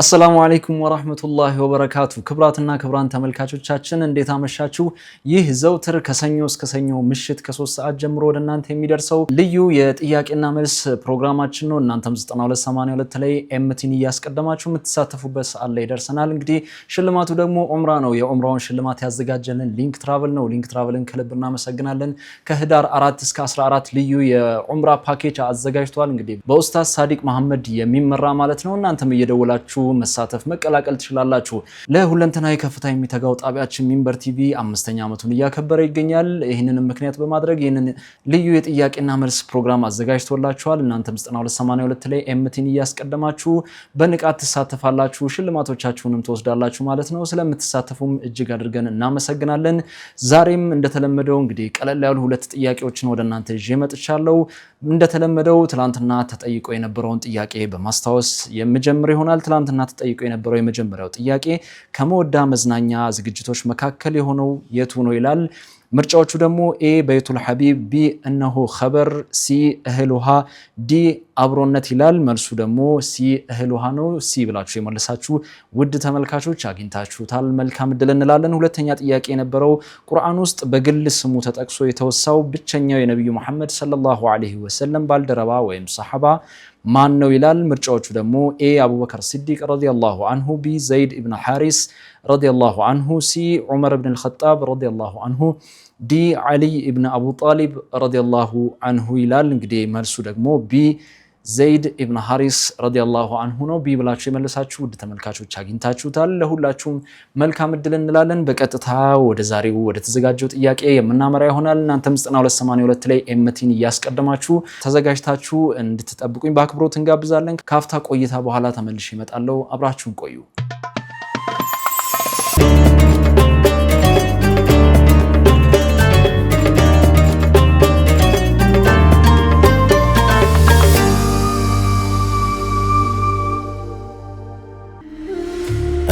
አሰላሙ አለይኩም ወራህመቱላሂ ወበረካቱ። ክብራትና ክብራን ተመልካቾቻችን እንዴት አመሻችሁ? ይህ ዘውትር ከሰኞ እስከ ሰኞ ምሽት ከሶስት ሰዓት ጀምሮ ወደ እናንተ የሚደርሰው ልዩ የጥያቄና መልስ ፕሮግራማችን ነው። እናንተም 9282 ላይ ኤምቲን እያስቀደማችሁ የምትሳተፉበት ሰዓት ላይ ደርሰናል። እንግዲህ ሽልማቱ ደግሞ ዑምራ ነው። የዑምራውን ሽልማት ያዘጋጀልን ሊንክ ትራቭል ነው። ሊንክ ትራቭልን ከልብ እናመሰግናለን። ከህዳር 4 እስከ 14 ልዩ የዑምራ ፓኬጅ አዘጋጅቷል። እንግዲህ በኡስታዝ ሳዲቅ መሐመድ የሚመራ ማለት ነው። እናንተም እየደወላችሁ መሳተፍ፣ መቀላቀል ትችላላችሁ። ለሁለንተና ከፍታ የሚተጋው ጣቢያችን ሚንበር ቲቪ አምስተኛ ዓመቱን እያከበረ ይገኛል። ይህንንም ምክንያት በማድረግ ይህንን ልዩ የጥያቄና መልስ ፕሮግራም አዘጋጅቶላችኋል። እናንተም 9282 ላይ ኤምቲን እያስቀደማችሁ በንቃት ትሳተፋላችሁ፣ ሽልማቶቻችሁንም ትወስዳላችሁ ማለት ነው። ስለምትሳተፉም እጅግ አድርገን እናመሰግናለን። ዛሬም እንደተለመደው እንግዲህ ቀለል ያሉ ሁለት ጥያቄዎችን ወደ እናንተ ይዤ መጥቻለሁ። እንደተለመደው ትላንትና ተጠይቆ የነበረውን ጥያቄ በማስታወስ የምጀምር ይሆናል። ትላንትና ትናንትና ተጠይቆ የነበረው የመጀመሪያው ጥያቄ ከመወዳ መዝናኛ ዝግጅቶች መካከል የሆነው የቱ ነው ይላል። ምርጫዎቹ ደግሞ ኤ በይቱል ሐቢብ፣ ቢ እነሆ ኸበር፣ ሲ እህል ውሃ፣ ዲ አብሮነት ይላል። መልሱ ደግሞ ሲ እህል ውሃ ነው። ሲ ብላችሁ የመለሳችሁ ውድ ተመልካቾች አግኝታችሁታል፣ መልካም እድል እንላለን። ሁለተኛ ጥያቄ የነበረው ቁርአን ውስጥ በግል ስሙ ተጠቅሶ የተወሳው ብቸኛው የነቢዩ መሐመድ ሰለላሁ ዐለይሂ ወሰለም ባልደረባ ወይም ሰሐባ ማን ነው ይላል። ምርጫዎቹ ደግሞ ኤ አቡበከር ሲዲቅ ረዲየላሁ አንሁ፣ ቢ ዘይድ ኢብን ሐሪስ ረዲየላሁ አንሁ፣ ሲ ዑመር ኢብን አልኸጣብ ረዲየላሁ አንሁ፣ ዲ ዓሊይ ኢብን አቡ ጣሊብ ረዲየላሁ አንሁ ይላል። እንግዲህ መልሱ ደግሞ ቢ ዘይድ ኢብን ሐሪስ ረዲያላሁ አንሁ ነው። ቢ ብላችሁ የመለሳችሁ ውድ ተመልካቾች አግኝታችሁታል። ለሁላችሁም መልካም እድል እንላለን። በቀጥታ ወደ ዛሬው ወደ ተዘጋጀው ጥያቄ የምናመራ ይሆናል። እናንተም 9282 ላይ ኤምቲን እያስቀደማችሁ ተዘጋጅታችሁ እንድትጠብቁኝ በአክብሮት እንጋብዛለን። ካፍታ ቆይታ በኋላ ተመልሼ እመጣለሁ። አብራችሁን ቆዩ።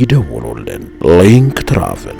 ይደውሉልን። ሊንክ ትራቭል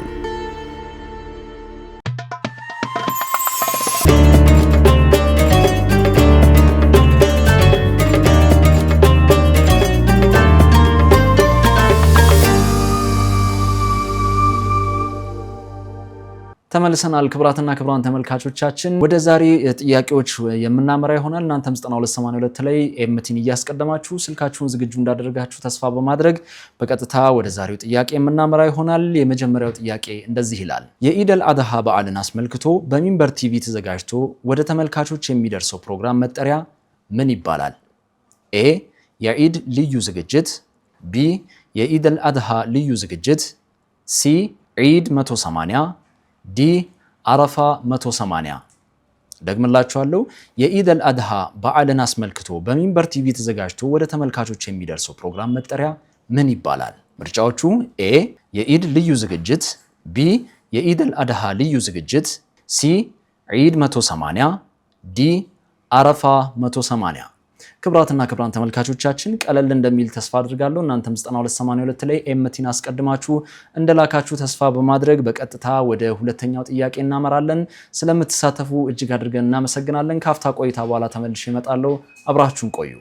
ተመልሰናል ክብራትና ክብራን ተመልካቾቻችን፣ ወደ ዛሬ ጥያቄዎች የምናመራ ይሆናል። እናንተም 9282 ላይ ኤምቲን እያስቀደማችሁ ስልካችሁን ዝግጁ እንዳደረጋችሁ ተስፋ በማድረግ በቀጥታ ወደ ዛሬው ጥያቄ የምናመራ ይሆናል። የመጀመሪያው ጥያቄ እንደዚህ ይላል። የኢደል አድሃ በዓልን አስመልክቶ በሚንበር ቲቪ ተዘጋጅቶ ወደ ተመልካቾች የሚደርሰው ፕሮግራም መጠሪያ ምን ይባላል? ኤ የኢድ ልዩ ዝግጅት፣ ቢ የኢደል አድሃ ልዩ ዝግጅት፣ ሲ ዒድ 180 ዲ አረፋ 180 ደግምላችኋለሁ። የኢደል አድሃ በዓልን አስመልክቶ በሚንበር ቲቪ ተዘጋጅቶ ወደ ተመልካቾች የሚደርሰው ፕሮግራም መጠሪያ ምን ይባላል? ምርጫዎቹ ኤ የኢድ ልዩ ዝግጅት፣ ቢ የኢደል አድሃ ልዩ ዝግጅት፣ ሲ ዒድ 180፣ ዲ አረፋ 180 ክብራትና ክብራን ተመልካቾቻችን ቀለል እንደሚል ተስፋ አድርጋለሁ። እናንተም 9282 ላይ ኤምቲን አስቀድማችሁ እንደላካችሁ ተስፋ በማድረግ በቀጥታ ወደ ሁለተኛው ጥያቄ እናመራለን። ስለምትሳተፉ እጅግ አድርገን እናመሰግናለን። ካፍታ ቆይታ በኋላ ተመልሼ እመጣለሁ። አብራችሁን ቆዩ።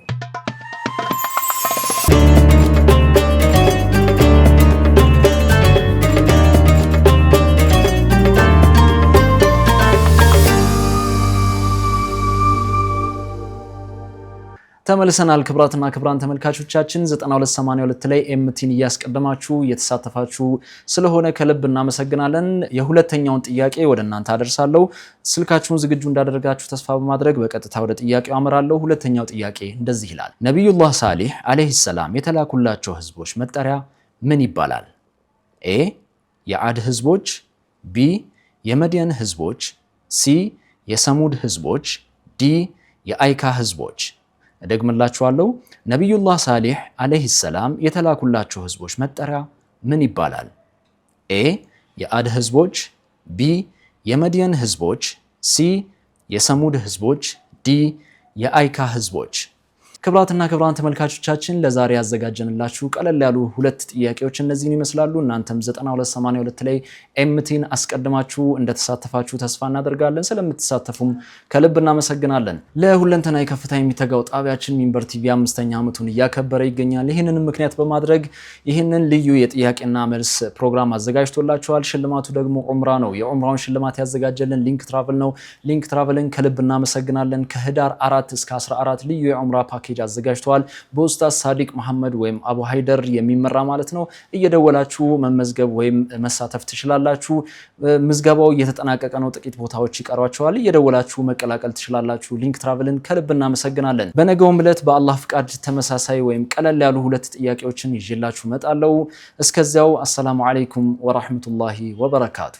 ተመልሰናል። ክብራትና ክብራን ተመልካቾቻችን 9282 ላይ ኤምቲን እያስቀደማችሁ እየተሳተፋችሁ ስለሆነ ከልብ እናመሰግናለን። የሁለተኛውን ጥያቄ ወደ እናንተ አደርሳለሁ። ስልካችሁን ዝግጁ እንዳደረጋችሁ ተስፋ በማድረግ በቀጥታ ወደ ጥያቄው አመራለሁ። ሁለተኛው ጥያቄ እንደዚህ ይላል። ነቢዩላህ ሳሊህ አለይሂ ሰላም የተላኩላቸው ህዝቦች መጠሪያ ምን ይባላል? ኤ የአድ ህዝቦች፣ ቢ የመድየን ህዝቦች፣ ሲ የሰሙድ ህዝቦች፣ ዲ የአይካ ህዝቦች እደግምላችኋለሁ። ነቢዩላህ ሳሌሕ ዓለይሂ ሰላም የተላኩላቸው ህዝቦች መጠሪያ ምን ይባላል? ኤ የአድ ህዝቦች፣ ቢ የመድየን ህዝቦች፣ ሲ የሰሙድ ህዝቦች፣ ዲ የአይካ ህዝቦች ክብራትና ክብራን ተመልካቾቻችን ለዛሬ ያዘጋጀንላችሁ ቀለል ያሉ ሁለት ጥያቄዎች እነዚህን ይመስላሉ። እናንተም 9282 ላይ ኤምቲን አስቀድማችሁ እንደተሳተፋችሁ ተስፋ እናደርጋለን። ስለምትሳተፉም ከልብ እናመሰግናለን። ለሁለንተና የከፍታ የሚተጋው ጣቢያችን ሚንበር ቲቪ አምስተኛ ዓመቱን እያከበረ ይገኛል። ይህንንም ምክንያት በማድረግ ይህንን ልዩ የጥያቄና መልስ ፕሮግራም አዘጋጅቶላችኋል። ሽልማቱ ደግሞ ኦምራ ነው። የኦምራውን ሽልማት ያዘጋጀልን ሊንክ ትራቭል ነው። ሊንክ ትራቭልን ከልብ እናመሰግናለን። ከህዳር አራት እስከ 14 ልዩ የኦምራ ፓኬ ፓኬጅ አዘጋጅተዋል። በኡስታዝ ሳዲቅ መሐመድ ወይም አቡ ሀይደር የሚመራ ማለት ነው። እየደወላችሁ መመዝገብ ወይም መሳተፍ ትችላላችሁ። ምዝገባው እየተጠናቀቀ ነው። ጥቂት ቦታዎች ይቀሯቸዋል። እየደወላችሁ መቀላቀል ትችላላችሁ። ሊንክ ትራቭልን ከልብ እናመሰግናለን። በነገውም ዕለት በአላህ ፍቃድ ተመሳሳይ ወይም ቀለል ያሉ ሁለት ጥያቄዎችን ይዤላችሁ መጣለው። እስከዚያው አሰላሙ አለይኩም ወራህመቱላሂ ወበረካቱ።